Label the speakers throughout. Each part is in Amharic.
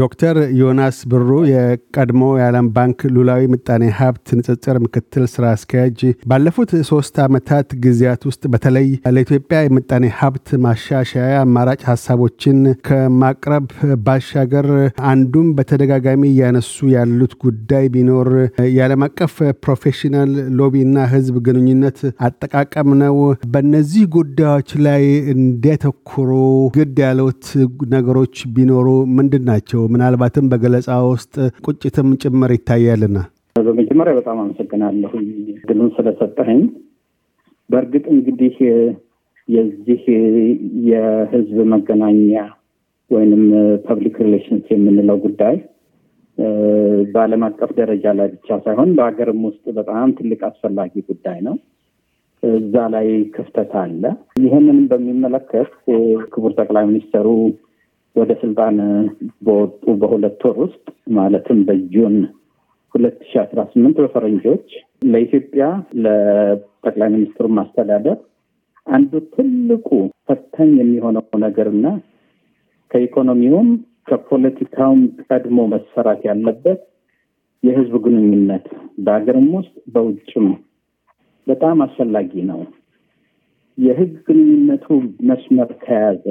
Speaker 1: ዶክተር ዮናስ ብሩ የቀድሞ የዓለም ባንክ ሉላዊ ምጣኔ ሀብት ንጽጽር ምክትል ስራ አስኪያጅ፣ ባለፉት ሶስት ዓመታት ጊዜያት ውስጥ በተለይ ለኢትዮጵያ የምጣኔ ሀብት ማሻሻያ አማራጭ ሀሳቦችን ከማቅረብ ባሻገር አንዱም በተደጋጋሚ እያነሱ ያሉት ጉዳይ ቢኖር የዓለም አቀፍ ፕሮፌሽናል ሎቢ ህዝብ ግንኙነት አጠቃቀም ነው። በእነዚህ ጉዳዮች ላይ እንዲያተኩሩ ግድ ያሉት ነገሮች ቢኖሩ ምንድን ናቸው? ናቸው? ምናልባትም በገለጻ ውስጥ ቁጭትም ጭምር ይታያልና።
Speaker 2: በመጀመሪያ በጣም አመሰግናለሁ ድሉን ስለሰጠኝ። በእርግጥ እንግዲህ የዚህ የህዝብ መገናኛ ወይንም ፐብሊክ ሪሌሽንስ የምንለው ጉዳይ በዓለም አቀፍ ደረጃ ላይ ብቻ ሳይሆን በሀገርም ውስጥ በጣም ትልቅ አስፈላጊ ጉዳይ ነው። እዛ ላይ ክፍተት አለ። ይህንንም በሚመለከት ክቡር ጠቅላይ ሚኒስትሩ ወደ ስልጣን በወጡ በሁለት ወር ውስጥ ማለትም በጁን ሁለት ሺ አስራ ስምንት በፈረንጆች ለኢትዮጵያ ለጠቅላይ ሚኒስትሩ ማስተዳደር አንዱ ትልቁ ፈታኝ የሚሆነው ነገርና ከኢኮኖሚውም ከፖለቲካውም ቀድሞ መሰራት ያለበት የህዝብ ግንኙነት በሀገርም ውስጥ በውጭም በጣም አስፈላጊ ነው። የህዝብ ግንኙነቱ መስመር ከያዘ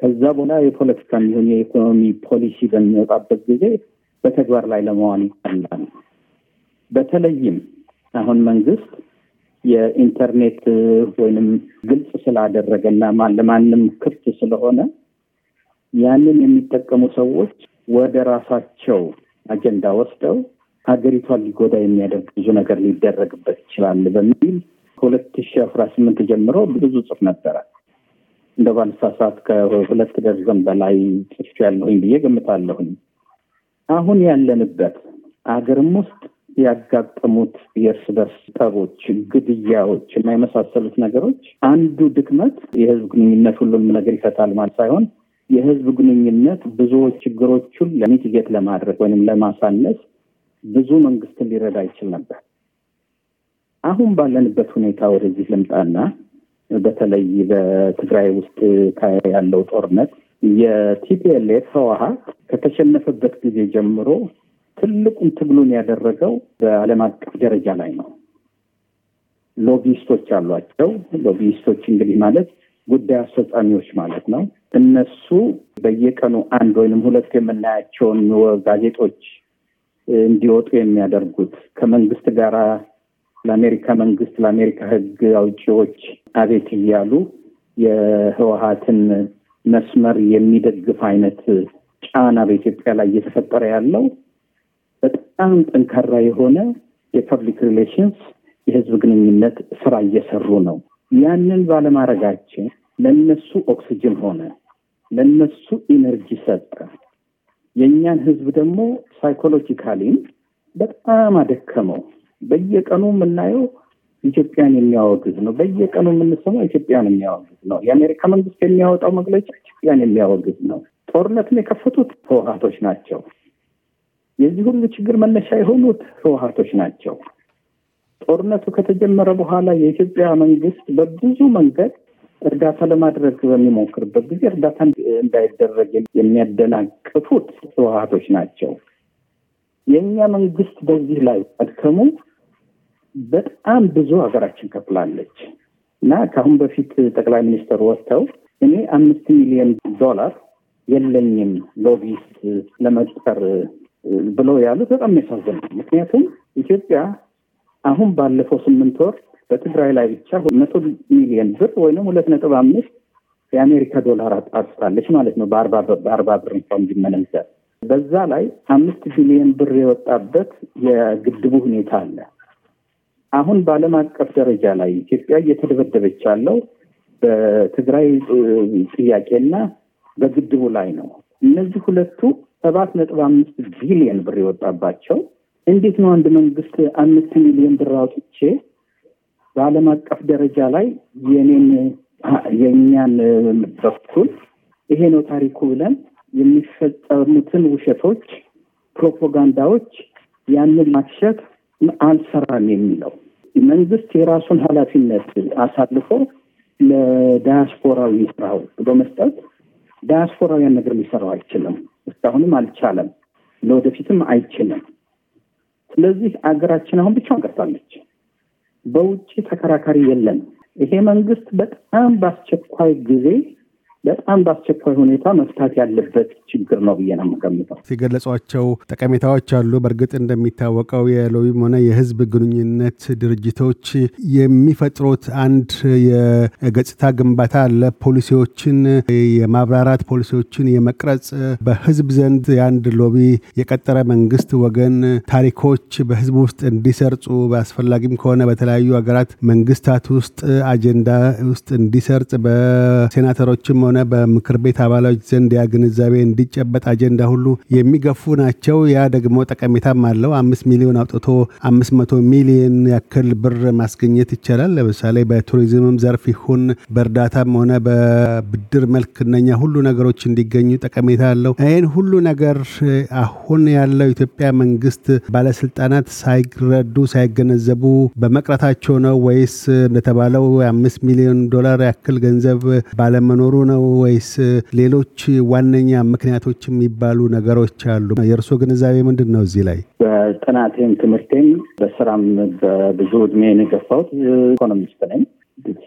Speaker 2: ከዛ በኋላ የፖለቲካ የሚሆን የኢኮኖሚ ፖሊሲ በሚወጣበት ጊዜ በተግባር ላይ ለመዋል ይፈላል። በተለይም አሁን መንግስት የኢንተርኔት ወይንም ግልጽ ስላደረገ እና ለማንም ክፍት ስለሆነ ያንን የሚጠቀሙ ሰዎች ወደ ራሳቸው አጀንዳ ወስደው ሀገሪቷን ሊጎዳ የሚያደርግ ብዙ ነገር ሊደረግበት ይችላል በሚል ከሁለት ሺ አስራ ስምንት ጀምሮ ብዙ ጽፍ ነበረ። እንደ ባልሳሳት ከሁለት ደርዘን በላይ ጽፍ ያለሁኝ ብዬ ገምታለሁኝ። አሁን ያለንበት አገርም ውስጥ ያጋጠሙት የእርስ በርስ ጠቦች፣ ግድያዎች እና የመሳሰሉት ነገሮች አንዱ ድክመት የህዝብ ግንኙነት ሁሉንም ነገር ይፈታል ማለት ሳይሆን የህዝብ ግንኙነት ብዙዎች ችግሮቹን ለሚትጌት ለማድረግ ወይም ለማሳነስ ብዙ መንግስትን ሊረዳ ይችል ነበር። አሁን ባለንበት ሁኔታ ወደዚህ ልምጣና በተለይ በትግራይ ውስጥ ያለው ጦርነት የቲፒኤልኤፍ ህወሀት ከተሸነፈበት ጊዜ ጀምሮ ትልቁን ትግሉን ያደረገው በዓለም አቀፍ ደረጃ ላይ ነው። ሎቢስቶች አሏቸው። ሎቢስቶች እንግዲህ ማለት ጉዳይ አስፈጻሚዎች ማለት ነው። እነሱ በየቀኑ አንድ ወይንም ሁለት የምናያቸውን ጋዜጦች እንዲወጡ የሚያደርጉት ከመንግስት ጋር ለአሜሪካ መንግስት፣ ለአሜሪካ ህግ አውጪዎች አቤት እያሉ የህወሀትን መስመር የሚደግፍ አይነት ጫና በኢትዮጵያ ላይ እየተፈጠረ ያለው በጣም ጠንካራ የሆነ የፐብሊክ ሪሌሽንስ የህዝብ ግንኙነት ስራ እየሰሩ ነው። ያንን ባለማድረጋችን ለነሱ ኦክሲጅን ሆነ፣ ለነሱ ኢነርጂ ሰጠ። የእኛን ህዝብ ደግሞ ሳይኮሎጂካሊም በጣም አደከመው። በየቀኑ የምናየው ኢትዮጵያን የሚያወግዝ ነው። በየቀኑ የምንሰማው ኢትዮጵያን የሚያወግዝ ነው። የአሜሪካ መንግስት የሚያወጣው መግለጫ ኢትዮጵያን የሚያወግዝ ነው። ጦርነትን የከፈቱት ህወሀቶች ናቸው። የዚህ ሁሉ ችግር መነሻ የሆኑት ህወሀቶች ናቸው። ጦርነቱ ከተጀመረ በኋላ የኢትዮጵያ መንግስት በብዙ መንገድ እርዳታ ለማድረግ በሚሞክርበት ጊዜ እርዳታ እንዳይደረግ የሚያደናቅፉት ህወሀቶች ናቸው። የእኛ መንግስት በዚህ ላይ መድከሙ በጣም ብዙ ሀገራችን ከፍላለች እና ከአሁን በፊት ጠቅላይ ሚኒስትር ወጥተው እኔ አምስት ሚሊዮን ዶላር የለኝም ሎቢስት ለመቅጠር ብለው ያሉት በጣም የሚያሳዝን ነው። ምክንያቱም ኢትዮጵያ አሁን ባለፈው ስምንት ወር በትግራይ ላይ ብቻ መቶ ሚሊዮን ብር ወይም ሁለት ነጥብ አምስት የአሜሪካ ዶላር አጥፍታለች ማለት ነው። በአርባ ብር እንኳ እንዲመነዘር በዛ ላይ አምስት ቢሊዮን ብር የወጣበት የግድቡ ሁኔታ አለ። አሁን በዓለም አቀፍ ደረጃ ላይ ኢትዮጵያ እየተደበደበች ያለው በትግራይ ጥያቄና በግድቡ ላይ ነው። እነዚህ ሁለቱ ሰባት ነጥብ አምስት ቢሊዮን ብር የወጣባቸው እንዴት ነው አንድ መንግስት አምስት ሚሊዮን ብር አውጥቼ በዓለም አቀፍ ደረጃ ላይ የኔን የእኛን በኩል ይሄ ነው ታሪኩ ብለን የሚፈጸሙትን ውሸቶች፣ ፕሮፓጋንዳዎች ያንን ማክሸት አልሰራም የሚለው መንግስት የራሱን ኃላፊነት አሳልፎ ለዳያስፖራዊ ስራው በመስጠት ዳያስፖራውያን ነገር ሊሰራው አይችልም። እስካሁንም አልቻለም፣ ለወደፊትም አይችልም። ስለዚህ አገራችን አሁን ብቻ ቀርታለች። በውጭ ተከራካሪ የለም። ይሄ መንግስት በጣም በአስቸኳይ ጊዜ በጣም በአስቸኳይ ሁኔታ መፍታት ያለበት ችግር ነው ብዬ ነው የምገምተው።
Speaker 1: ሲገለጿቸው ጠቀሜታዎች አሉ። በእርግጥ እንደሚታወቀው የሎቢም ሆነ የህዝብ ግንኙነት ድርጅቶች የሚፈጥሩት አንድ የገጽታ ግንባታ አለ። ፖሊሲዎችን የማብራራት ፖሊሲዎችን የመቅረጽ በህዝብ ዘንድ የአንድ ሎቢ የቀጠረ መንግስት ወገን ታሪኮች በህዝብ ውስጥ እንዲሰርጹ በአስፈላጊም ከሆነ በተለያዩ ሀገራት መንግስታት ውስጥ አጀንዳ ውስጥ እንዲሰርጽ በሴናተሮችም ሆነ በምክር ቤት አባላት ዘንድ ያ ግንዛቤ እንዲጨበጥ አጀንዳ ሁሉ የሚገፉ ናቸው። ያ ደግሞ ጠቀሜታም አለው። አምስት ሚሊዮን አውጥቶ አምስት መቶ ሚሊዮን ያክል ብር ማስገኘት ይቻላል። ለምሳሌ በቱሪዝምም ዘርፍ ይሁን በእርዳታም ሆነ በብድር መልክ እነኛ ሁሉ ነገሮች እንዲገኙ ጠቀሜታ አለው። ይህን ሁሉ ነገር አሁን ያለው ኢትዮጵያ መንግስት ባለስልጣናት ሳይረዱ ሳይገነዘቡ በመቅረታቸው ነው ወይስ እንደተባለው የአምስት ሚሊዮን ዶላር ያክል ገንዘብ ባለመኖሩ ነው ወይስ ሌሎች ዋነኛ ምክንያቶች የሚባሉ ነገሮች አሉ? የእርስዎ ግንዛቤ ምንድን ነው እዚህ ላይ?
Speaker 2: በጥናቴም ትምህርቴም በስራም በብዙ እድሜ የገፋሁት ኢኮኖሚስት ነኝ።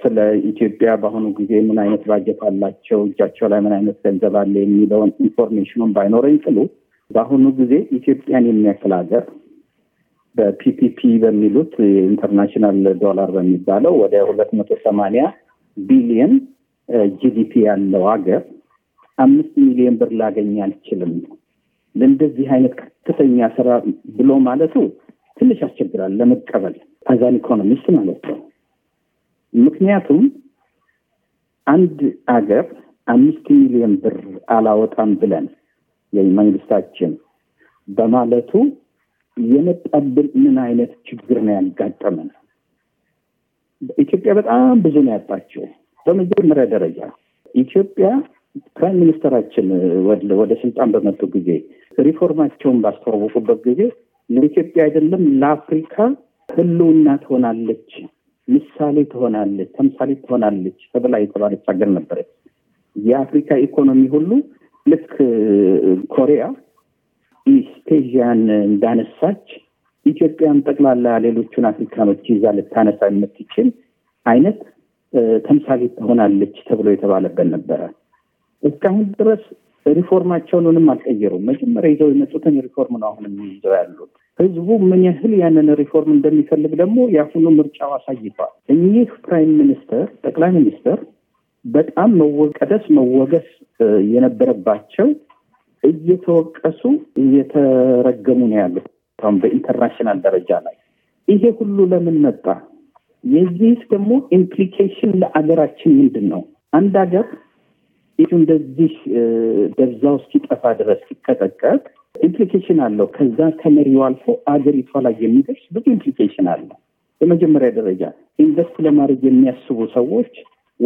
Speaker 2: ስለ ኢትዮጵያ በአሁኑ ጊዜ ምን አይነት ባጀት አላቸው፣ እጃቸው ላይ ምን አይነት ገንዘብ አለ የሚለውን ኢንፎርሜሽኑን ባይኖረኝ ቅሉ በአሁኑ ጊዜ ኢትዮጵያን የሚያክል ሀገር በፒፒፒ በሚሉት የኢንተርናሽናል ዶላር በሚባለው ወደ ሁለት መቶ ሰማንያ ቢሊየን ጂዲፒ ያለው ሀገር አምስት ሚሊዮን ብር ላገኝ አልችልም። ለእንደዚህ አይነት ከፍተኛ ስራ ብሎ ማለቱ ትንሽ ያስቸግራል ለመቀበል አዛን ኢኮኖሚስት ማለት ነው። ምክንያቱም አንድ አገር አምስት ሚሊዮን ብር አላወጣም ብለን ወይ መንግስታችን በማለቱ የመጣብን ምን አይነት ችግር ነው ያጋጠመን? ኢትዮጵያ በጣም ብዙ ነው ያጣቸው በመጀመሪያ ደረጃ ኢትዮጵያ ፕራይም ሚኒስተራችን ወደ ስልጣን በመጡ ጊዜ ሪፎርማቸውን ባስተዋወቁበት ጊዜ ለኢትዮጵያ አይደለም ለአፍሪካ ህልውና ትሆናለች፣ ምሳሌ ትሆናለች፣ ተምሳሌ ትሆናለች ተብላ የተባለች ሀገር ነበረች። የአፍሪካ ኢኮኖሚ ሁሉ ልክ ኮሪያ ኢስት ኤዥያን እንዳነሳች ኢትዮጵያን ጠቅላላ ሌሎቹን አፍሪካኖች ይዛ ልታነሳ የምትችል አይነት ተምሳሌ ትሆናለች ተብሎ የተባለበት ነበረ። እስካሁን ድረስ ሪፎርማቸውን ምንም አልቀየሩም። መጀመሪያ ይዘው የመጡትን ሪፎርም ነው አሁን ይዘው ያሉት። ህዝቡ ምን ያህል ያንን ሪፎርም እንደሚፈልግ ደግሞ የአሁኑ ምርጫው አሳይቷል። እኚህ ፕራይም ሚኒስተር ጠቅላይ ሚኒስተር በጣም መወቀደስ መወገስ የነበረባቸው እየተወቀሱ እየተረገሙ ነው ያሉት በኢንተርናሽናል ደረጃ ላይ። ይሄ ሁሉ ለምን መጣ? የዚህ ደግሞ ኢምፕሊኬሽን ለአገራችን ምንድን ነው? አንድ ሀገር ይህ እንደዚህ ደብዛው እስኪጠፋ ድረስ ሲቀጠቀጥ ኢምፕሊኬሽን አለው። ከዛ ከመሪው አልፎ አገሪቷ ላይ የሚደርስ ብዙ ኢምፕሊኬሽን አለ። የመጀመሪያ ደረጃ ኢንቨስት ለማድረግ የሚያስቡ ሰዎች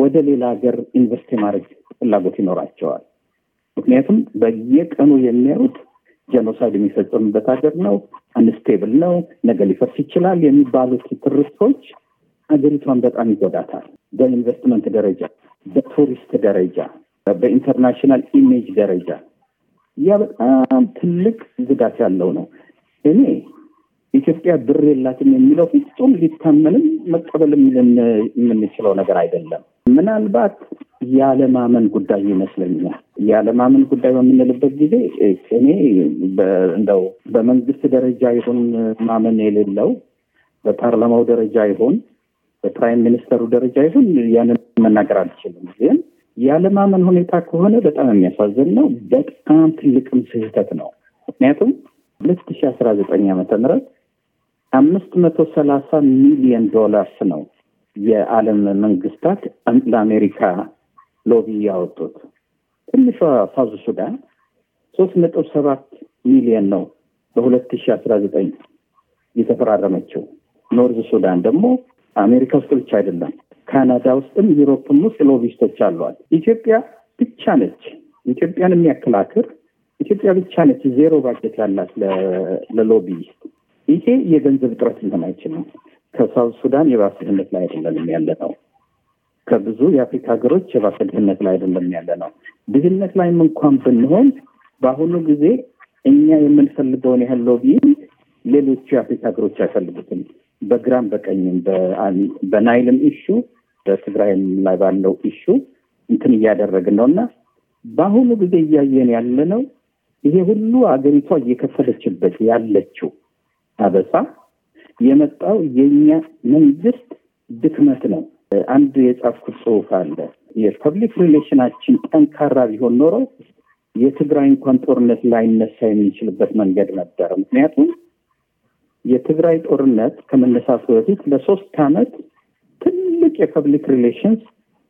Speaker 2: ወደ ሌላ ሀገር ኢንቨስት የማድረግ ፍላጎት ይኖራቸዋል። ምክንያቱም በየቀኑ የሚያዩት ጀኖሳይድ የሚፈጸምበት ሀገር ነው፣ አንስቴብል ነው፣ ነገ ሊፈርስ ይችላል የሚባሉት ትርክቶች ሀገሪቷን በጣም ይጎዳታል። በኢንቨስትመንት ደረጃ፣ በቱሪስት ደረጃ፣ በኢንተርናሽናል ኢሜጅ ደረጃ ያ በጣም ትልቅ ጉዳት ያለው ነው። እኔ ኢትዮጵያ ብር የላትም የሚለው ፍጹም ሊታመንም መቀበልም የምንችለው ነገር አይደለም። ምናልባት ያለማመን ጉዳይ ይመስለኛል። ያለማመን ጉዳይ በምንልበት ጊዜ እኔ እንደው በመንግስት ደረጃ ይሁን ማመን የሌለው በፓርላማው ደረጃ ይሁን በፕራይም ሚኒስተሩ ደረጃ ይሁን ያንን መናገር አልችልም። ግን ያለማመን ሁኔታ ከሆነ በጣም የሚያሳዝን ነው። በጣም ትልቅም ስህተት ነው። ምክንያቱም ሁለት ሺ አስራ ዘጠኝ ዓመተ ምህረት አምስት መቶ ሰላሳ ሚሊዮን ዶላርስ ነው የዓለም መንግስታት ለአሜሪካ ሎቢ ያወጡት። ትንሿ ሳውዝ ሱዳን ሶስት ነጥብ ሰባት ሚሊዮን ነው በሁለት ሺ አስራ ዘጠኝ የተፈራረመችው። ኖርዝ ሱዳን ደግሞ አሜሪካ ውስጥ ብቻ አይደለም፣ ካናዳ ውስጥም ዩሮፕም ውስጥ ሎቢስቶች አሏል። ኢትዮጵያ ብቻ ነች ኢትዮጵያን የሚያከላክር ኢትዮጵያ ብቻ ነች ዜሮ ባጀት ያላት ለሎቢ። ይሄ የገንዘብ እጥረት ሊሆን አይችልም። ከሳውት ሱዳን የባሰ ድህነት ላይ አይደለም ያለ ነው። ከብዙ የአፍሪካ ሀገሮች የባሰ ድህነት ላይ አይደለም ያለ ነው። ድህነት ላይም እንኳን ብንሆን በአሁኑ ጊዜ እኛ የምንፈልገውን ያህል ሎቢ ሌሎቹ የአፍሪካ ሀገሮች አይፈልጉትም። በግራም በቀኝም በናይልም ኢሹ በትግራይም ላይ ባለው ኢሹ እንትን እያደረግን ነው እና በአሁኑ ጊዜ እያየን ያለ ነው ይሄ ሁሉ አገሪቷ እየከፈለችበት ያለችው አበሳ የመጣው የኛ መንግስት ድክመት ነው። አንድ የጻፍኩት ጽሁፍ አለ። የፐብሊክ ሪሌሽናችን ጠንካራ ቢሆን ኖሮ የትግራይ እንኳን ጦርነት ላይነሳ የሚችልበት መንገድ ነበር። ምክንያቱም የትግራይ ጦርነት ከመነሳቱ በፊት ለሶስት ዓመት ትልቅ የፐብሊክ ሪሌሽንስ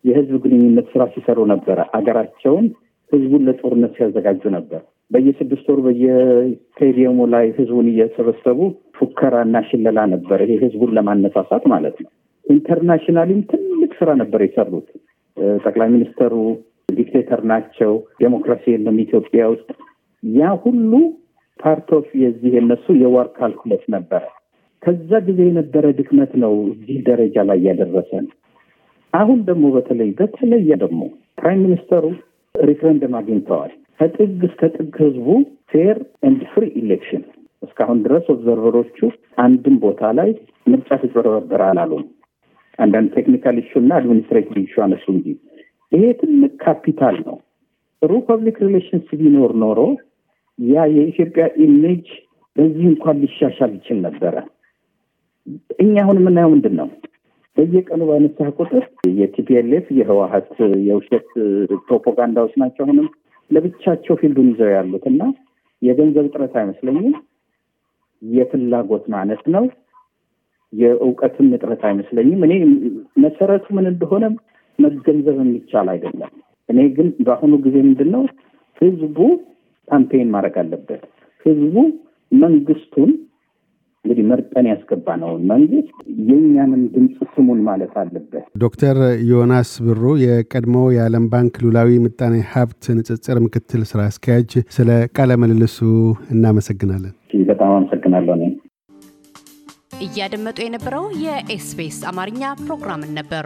Speaker 2: የህዝብ ግንኙነት ስራ ሲሰሩ ነበረ። አገራቸውን፣ ህዝቡን ለጦርነት ሲያዘጋጁ ነበር። በየስድስት ወሩ በየስቴዲየሙ ላይ ህዝቡን እየሰበሰቡ ፉከራ እና ሽለላ ነበር። ይሄ ህዝቡን ለማነሳሳት ማለት ነው። ኢንተርናሽናሊም ትልቅ ስራ ነበር የሰሩት። ጠቅላይ ሚኒስተሩ ዲክቴተር ናቸው፣ ዴሞክራሲ የለም ኢትዮጵያ ውስጥ ያ ሁሉ ፓርት ኦፍ የዚህ የነሱ የዋር ካልኩሌት ነበረ። ከዛ ጊዜ የነበረ ድክመት ነው እዚህ ደረጃ ላይ ያደረሰን። አሁን ደግሞ በተለይ በተለየ ደግሞ ፕራይም ሚኒስተሩ ሪፍረንደም አግኝተዋል። ከጥግ እስከ ጥግ ህዝቡ ፌር ኤንድ ፍሪ ኢሌክሽን እስካሁን ድረስ ኦብዘርቨሮቹ አንድም ቦታ ላይ ምርጫ ተጭበረበረ አላሉም። አንዳንድ ቴክኒካል ኢሹ እና አድሚኒስትሬቲቭ ኢሹ አነሱ እንጂ ይሄ ትልቅ ካፒታል ነው። ጥሩ ፐብሊክ ሪሌሽንስ ቢኖር ኖሮ ያ የኢትዮጵያ ኢሜጅ በዚህ እንኳን ሊሻሻል ይችል ነበረ። እኛ አሁን የምናየው ምንድን ነው? በየቀኑ በአነሳህ ቁጥር የቲፒኤልኤፍ የህወሀት የውሸት ፕሮፓጋንዳዎች ናቸው። አሁንም ለብቻቸው ፊልዱን ይዘው ያሉት እና የገንዘብ እጥረት አይመስለኝም፣ የፍላጎት ማነት ነው። የእውቀትም እጥረት አይመስለኝም። እኔ መሰረቱ ምን እንደሆነ መገንዘብ የሚቻል አይደለም። እኔ ግን በአሁኑ ጊዜ ምንድን ነው ህዝቡ ካምፔን ማድረግ አለበት። ህዝቡ መንግስቱን እንግዲህ መርጠን ያስገባ ነውን መንግስት የእኛንም ድምፅ ስሙን ማለት አለበት።
Speaker 1: ዶክተር ዮናስ ብሩ የቀድሞ የዓለም ባንክ ሉላዊ ምጣኔ ሀብት ንጽጽር ምክትል ስራ አስኪያጅ፣ ስለ ቃለ ምልልሱ እናመሰግናለን።
Speaker 2: በጣም አመሰግናለሁ። እኔ እያደመጡ የነበረው የኤስቢኤስ አማርኛ ፕሮግራምን ነበር።